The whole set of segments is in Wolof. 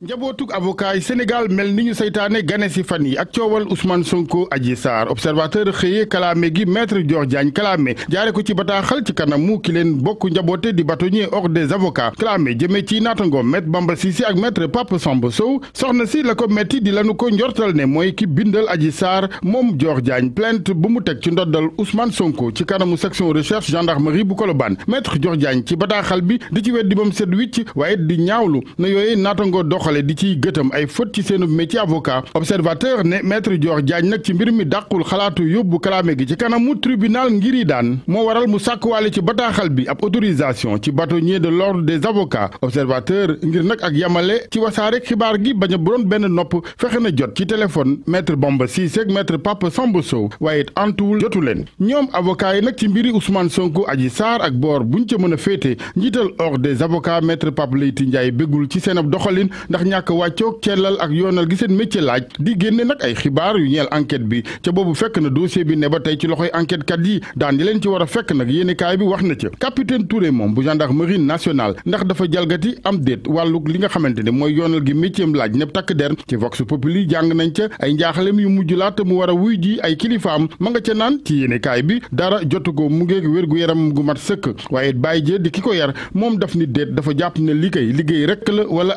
njabootug avocat yi Sénégal mel ni ñu seytaane gane si fan yi ak coowal Ousmane Sonko Adji Sarr observateur xëyee kalaame gi maître Dior Diagne kalaame jaare ko ci bataaxal ci kanamu ki leen bokk njaboote di bâtonnier ordre des avocats kalaame jëmee ci naatangoom maître Bamba Cissé ak maître Pape Samba Sow soxna si la ko metti di lanu ko njortal ne mooy ki bindal Adji saar moom Dior jaañ plainte bu mu teg ci ndoddal Ousmane Sonko ci kanamu section recherche gendarmerie bu Colobane maître Dior Diagne ci bataaxal bi di ci weddi bam set wicc waaye di ñaawlu na yooye naatango dox toxale di ciy gëtam ay fët ci seenu métier avocat observateur ne maître Dior jaañ nag ci mbir mi dàqul xalaatu yóbbu kalaame gi ci kanamu ngir ngiri daan moo waral mu sàkkuwaale ci bataaxal bi ab autorisation ci bâtonnier de l'ordre de avocats observateur ngir nag ak yamale ci wasaare xibaar gi bañ a bu benn nopp fexe na jot ci téléphone maître Bamba Cissé ak maître Papa Samba Sow waaye antuwul jotu leen ñoom avocat yi nag ci mbiri Ousmane Sonko Adji Sarr ak boor buñ ca mën a féete njiital ordre des avocats maître Pape Leyti Ndiaye béggul ci seen ab doxalin ndax ñàkk wàccoog ceelal ak yoonal gi seen métier laaj di génne nag ay xibaar yu ñeel enquête bi ca boobu fekk na dossier bi ne ba tey ci loxoy enquête kat yi daan di leen ci war a fekk nag yéenekaay bi wax na ca capitaine Touré moom bu gendarmerie nationale ndax dafa jalgati am déet wàlluk li nga xamante ne mooy yoonal gi métier laaj ne takk der ci vox populi jàng nañ ca ay njaaxalem yu mujj laata mu war a wuy ji ay kilifaam ma nga ca naan ci yéenekaay bi dara jotu ko mu ngeeg wér-gu-yaram gu mat sëkk waaye bàyyi jë ki ko yar moom daf ni déet dafa jàpp ne li kay liggéey rekk la wala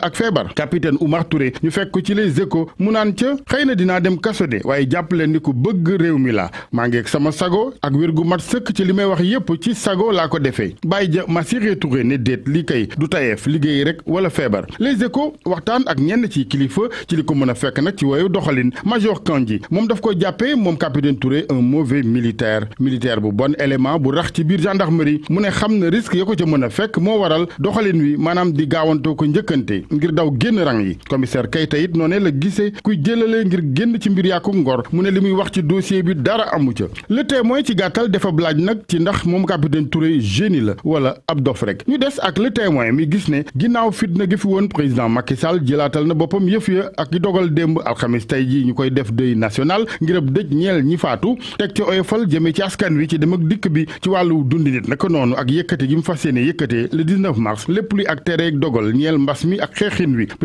capitaine Oumar Touré ñu fekk ko ci les échos mu ca xëy na dinaa dem kaso waaye jàpp leen ni ku bëgg réew mi la maa ngi ak sama sago ak wér gu mat sëkk ci li may wax yépp ci sago laa ko defee bàyyi ja Massiré Touré ne déet li kay du tayeef liggéey rek wala feebar les échos waxtaan ak ñenn ci kilifa ci li ko mën a fekk nag ci wayu doxalin major Kandji moom daf ko jàppe moom capitaine Touré un mauvais militaire militaire bu bon élément bu rax ci biir gendarmerie mu xam na risque ya ko ca mën a fekk moo waral doxalin wi maanaam di gaawantoo ko njëkkante génn rang yi commissaire Keita it noonee la gisee kuy jëlalee ngir génn ci mbir yàkku ngor mu ne li muy wax ci dossier bi dara amu ca le témoin ci gàttal dafa blaaj nag ci ndax moom capitaine Touré génie la wala ab dof rek ñu des ak le témoin mi gis ne ginnaaw fitna gi fi woon président Macky jëlaatal na boppam yëf ya ak i dogal démb alxamis tey ji ñu koy def deuil national ngir ab dëj ñeel ñi faatu teg ci oyofal jëmee ci askan wi ci dem ak dikk bi ci wàllu dundi nit naka noonu ak yëkkate gi mu fas yéene yëkkatee le 19 mars lépp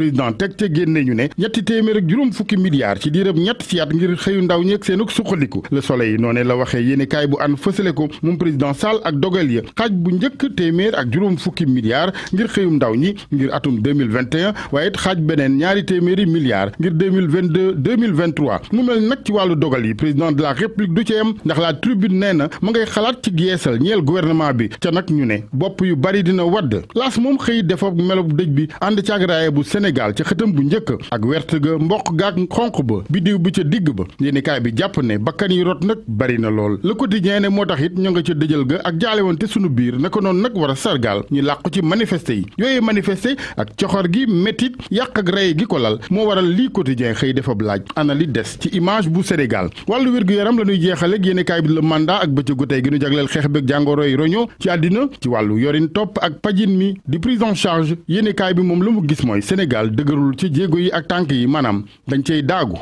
président teg ca génne ñu ne ñetti téeméer ak juróom fukki milliards ci diirab ñetti si at ngir xëyu ndaw ñeeg seenuk suqaliku le soleil noo ne la waxee yéeni kaay bu an fësale ko moom président Sall ak dogal ya xaaj bu njëkk téeméer ak juróom fukki milliards ngir xëyum ndaw ñi ngir atum waaye xaaj beneen ñaari téeméeri milliards ngir mu mel nag ci wàllu dogal yi président de république du ci ndax la tribune nee na ma ngay xalaat ci yeesal ñeel gouvernement Sénégal ca xëtam bu njëkk ak wert ga mboq gaak xonq ba biddiw bi ca digg ba yéenekaay bi jàpp ne bakkan yi rot nag bari na lool Le Quotidien ne moo tax it ñoo nga ca dëjal ga ak jaalewante sunu biir naka noonu nag war a sargaal ñu làqu ci manifesté yi yooyu manifesté ak coxor gi métit yàq ak rey gi ko lal moo waral lii Quotidien xëy defab laaj ana li des ci image bu Sénégal wàllu wér-gu-yaram la ñuy jeexale ak yéenekaay bi Le Mandat ak bëccëgu tey gi ñu jagleel xeex beeg jàngoro yi roño ci bi moom la mu gis mooy Sénégal Sénégal dëgërul ci jéego yi ak tànk yi maanaam dañ cey daagu